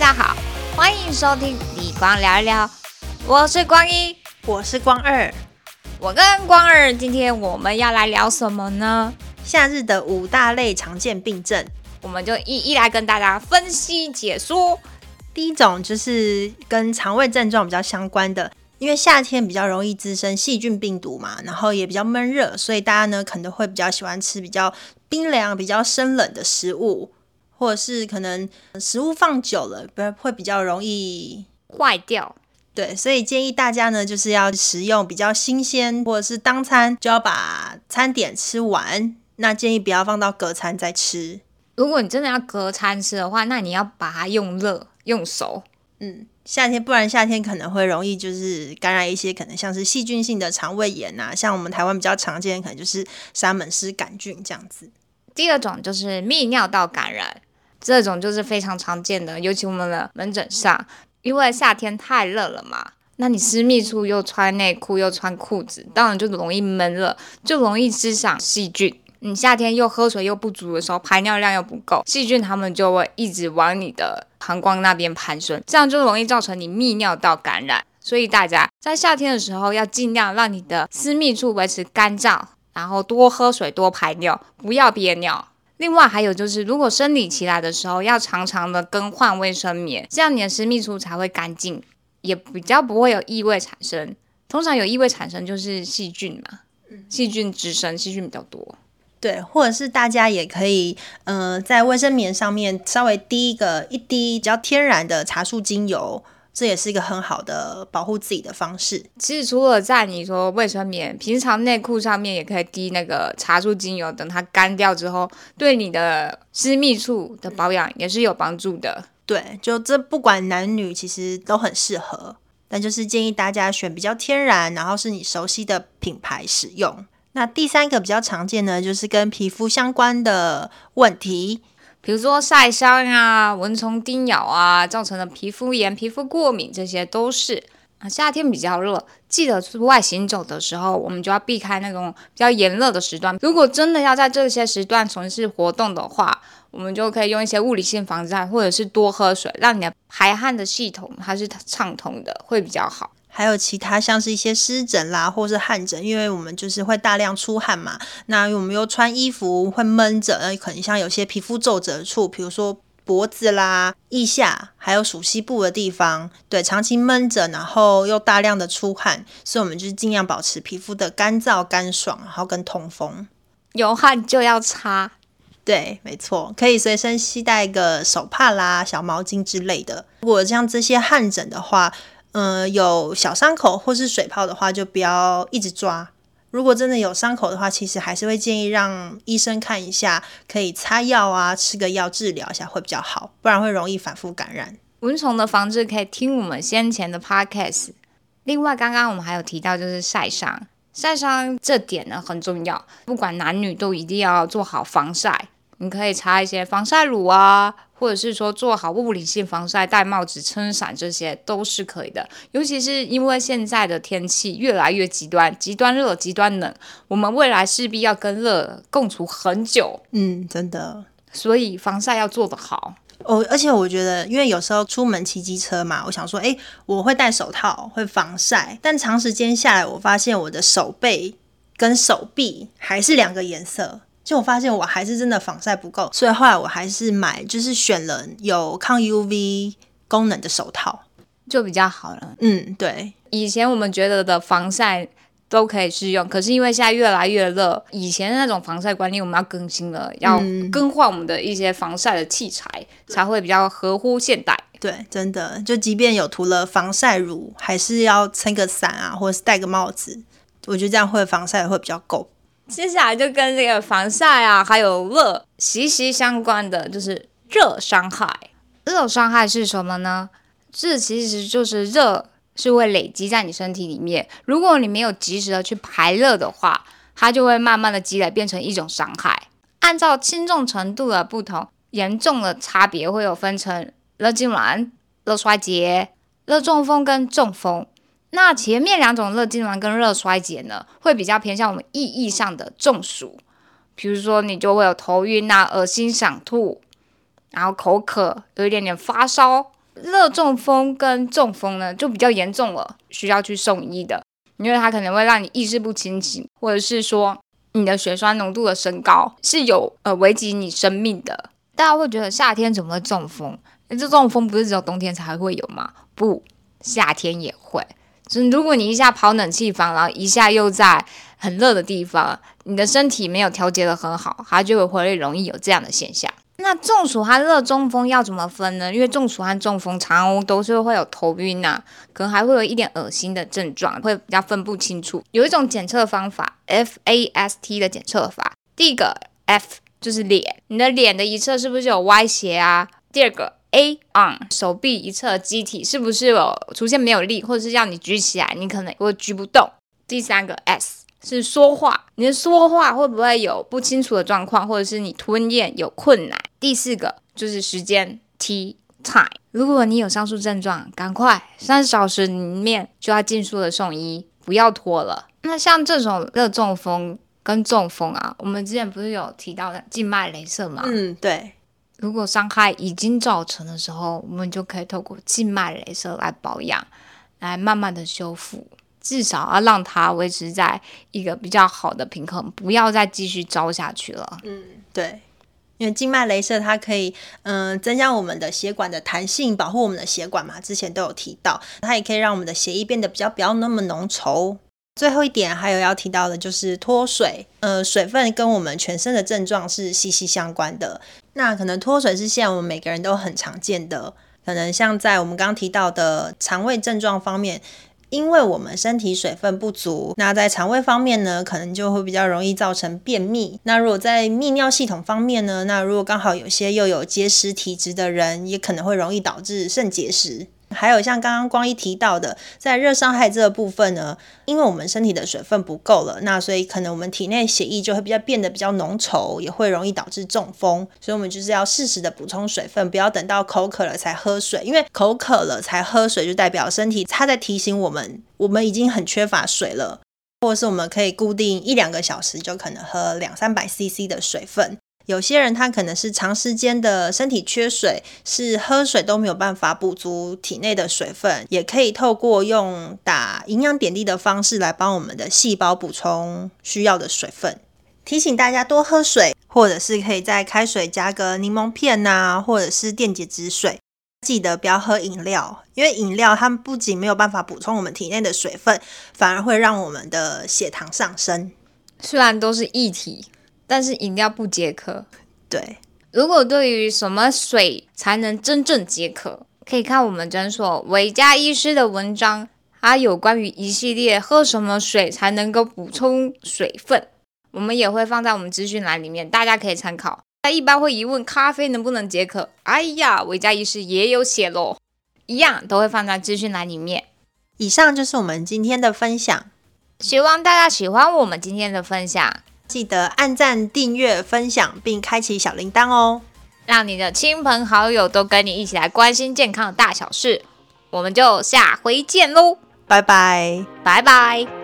大家好，歡迎收聽《立光聊一聊》，我是光一，我是光二，我跟光二，今天我們要來聊什麼呢？夏日的五大類常見病症，我們就一一來跟大家分析解說。第一種就是跟腸胃症狀比較相關的，因為夏天比較容易滋生細菌病毒嘛，然後也比較悶熱，所以大家呢可能會比較喜歡吃比較冰涼、比較生冷的食物。或者是可能食物放久了，不然會比較容易壞掉。對，所以建議大家呢，就是要食用比較新鮮，或者是當餐就要把餐點吃完。那建議不要放到隔餐再吃。如果你真的要隔餐吃的話，那你要把它用熱、用手。嗯，夏天，不然夏天可能會容易就是感染一些可能像是細菌性的腸胃炎啊，像我們台灣比較常見的可能就是沙門氏桿菌這樣子。第二種就是泌尿道感染。這種就是非常常見的，尤其我們的門診上，因為夏天太熱了嘛，那你私密處又穿內褲又穿褲子，當然就容易悶熱，就容易滋生細菌。你夏天又喝水又不足的時候，排尿量又不夠，細菌他們就會一直往你的膀胱那邊攀升，這樣就容易造成你泌尿道感染。所以大家在夏天的時候要盡量讓你的私密處維持乾燥，然後多喝水，多排尿，不要憋尿。另外還有就是，如果生理期來的時候，要常常的更換衛生棉，這樣你的私密處才會乾淨，也比較不會有異味產生。通常有異味產生就是細菌嘛，細菌滋生，細菌比較多。對，或者是大家也可以，呃，在衛生棉上面稍微滴一個一滴比較天然的茶樹精油。這也是一個很好的保護自己的方式。其實除了在你說衛生棉、平常內褲上面，也可以滴那個茶樹精油，等它乾掉之後，對你的私密處的保養也是有幫助的。對，就這不管男女，其實都很適合。但就是建議大家選比較天然，然後是你熟悉的品牌使用。那第三個比較常見呢，就是跟皮膚相關的問題。比如說曬傷啊、蚊蟲叮咬啊，造成的皮膚炎、皮膚過敏，這些都是啊。夏天比較熱，記得出外行走的時候，我們就要避開那種比較炎熱的時段。如果真的要在這些時段從事活動的話，我們就可以用一些物理性防曬，或者是多喝水，讓你的排汗的系統它是暢通的，會比較好。還有其他像是一些濕疹啦，或是汗疹，因為我們就是會大量出汗嘛。那我們又穿衣服會悶着，可能像有些皮膚皺褶處，比如說脖子啦、腋下，還有鼠蹊部的地方，對，長期悶着，然後又大量的出汗，所以我們就盡量保持皮膚的乾燥、乾爽，然後跟通風。有汗就要擦，對，沒錯，可以隨身攜帶個手帕啦、小毛巾之類的。如果像這些汗疹的話，呃、嗯，有小傷口或是水泡的話，就不要一直抓。如果真的有傷口的話，其實還是會建議讓醫生看一下，可以擦藥啊，吃個藥治療一下會比較好，不然會容易反復感染。蚊蟲的防治可以聽我們先前的 podcast。另外，剛剛我們還有提到就是曬傷，曬傷這點呢很重要，不管男女都一定要做好防曬。你可以擦一些防曬乳啊。或者是說做好物理性防曬、戴帽子、撐傘，這些都是可以的。尤其是因為現在的天氣越來越極端，極端熱、極端冷，我們未來勢必要跟熱共處很久。嗯，真的。所以防曬要做得好哦。而且我覺得，因為有時候出門騎機車嘛，我想說，誒、欸，我會戴手套，會防曬，但長時間下來，我發現我的手背跟手臂還是兩個顏色。就我發現我還是真的防曬不夠，所以後來我還是買就是選了有抗 UV 功能的手套就比較好了。嗯，對。以前我們覺得的防曬都可以適用，可是因為現在越來越熱，以前的那種防曬觀念我們要更新了，要更換我們的一些防曬的器材、嗯、才會比較合乎現代。對，真的就即便有塗了防曬乳，還是要撐個傘啊，或者是戴個帽子，我覺得這樣會防曬會比較夠。接下來就跟這個防曬啊，還有熱息息相關的，就是熱傷害。熱傷害是什麼呢？這其實就是熱是會累積在你身體裡面，如果你沒有及時的去排熱的話，它就會慢慢的積累，變成一種傷害。按照輕重程度的不同，嚴重的差別會有分成熱痙攣、熱衰竭、熱中風跟中風。那前面兩種熱痙攣跟熱衰竭呢，會比較偏向我們意義上的中暑，比如說你就會有頭暈吶、啊、噁心、想吐，然後口渴，有一點點發燒。熱中風跟中風呢，就比較嚴重了，需要去送醫的，因為它可能會讓你意識不清醒，或者是說你的血栓濃度的升高是有呃危及你生命的。大家會覺得夏天怎麼會中風？這中風不是只有冬天才會有嗎？不，夏天也會。就是如果你一下跑冷氣房，然後一下又在很熱的地方，你的身體沒有調節的很好，它就會回來容易有這樣的現象。那中暑和熱中風要怎麼分呢？因為中暑和中風常常都是會有頭暈啊，可能還會有一點噁心的症狀，會比較分不清楚。有一種檢測方法，F A S T 的檢測法。第一個 F 就是臉，你的臉的一側是不是有歪斜啊？第二個。A on 手臂，一側肌體是不是有出現沒有力，或者是讓你舉起來，你可能會舉不動。第三個 S 是說話，你的說話會不會有不清楚的狀況，或者是你吞嚥有困難？第四個就是時間 T time，如果你有上述症狀，趕快三十小時裡面就要盡速的送醫，不要拖了。那像這種熱中風跟中風啊，我們之前不是有提到的靜脈雷射嗎？嗯，對。如果傷害已經造成的時候，我們就可以透過靜脈雷射來保養，來慢慢的修復，至少要讓它維持在一個比較好的平衡，不要再繼續糟下去了。嗯，對，因為靜脈雷射它可以，嗯、呃，增加我們的血管的彈性，保護我們的血管嘛。之前都有提到，它也可以讓我們的血液變得比較不要那麼濃稠。最後一點還有要提到的就是脫水，呃，水分跟我們全身的症狀是息息相關的。那可能脫水是現在我們每個人都很常見的，可能像在我們剛剛提到的腸胃症狀方面，因為我們身體水分不足，那在腸胃方面呢，可能就會比較容易造成便秘。那如果在泌尿系統方面呢，那如果剛好有些又有結石體質的人，也可能會容易導致腎結石。還有像剛剛光一提到的，在熱傷害這個部分呢，因為我們身體的水分不夠了，那所以可能我們體內血液就會比較變得比較濃稠，也會容易導致中風。所以我們就是要適時的補充水分，不要等到口渴了才喝水，因為口渴了才喝水就代表身體它在提醒我們，我們已經很缺乏水了，或者是我們可以固定一兩個小時就可能喝兩三百 cc 的水分。有些人他可能是長時間的身體缺水，是喝水都沒有辦法補足體內的水分，也可以透過用打營養點滴的方式來幫我們的細胞補充需要的水分。提醒大家多喝水，或者是可以在開水加個檸檬片吶、啊，或者是電解質水。記得不要喝飲料，因為飲料它們不僅沒有辦法補充我們體內的水分，反而會讓我們的血糖上升。雖然都是液體。但是飲料不解渴，對。如果對於什麼水才能真正解渴，可以看我們診所維嘉醫師的文章，它有關於一系列喝什麼水才能夠補充水分，我們也會放在我們資訊欄裡面，大家可以參考。他一般會疑問咖啡能不能解渴，哎呀，維嘉醫師也有寫咯，一樣都會放在資訊欄裡面。以上就是我們今天的分享，希望大家喜歡我們今天的分享。記得按讚、訂閱、分享，並開啟小鈴鐺哦，讓你的親朋好友都跟你一起來關心健康的大小事。我們就下回見嘍，拜拜，拜拜。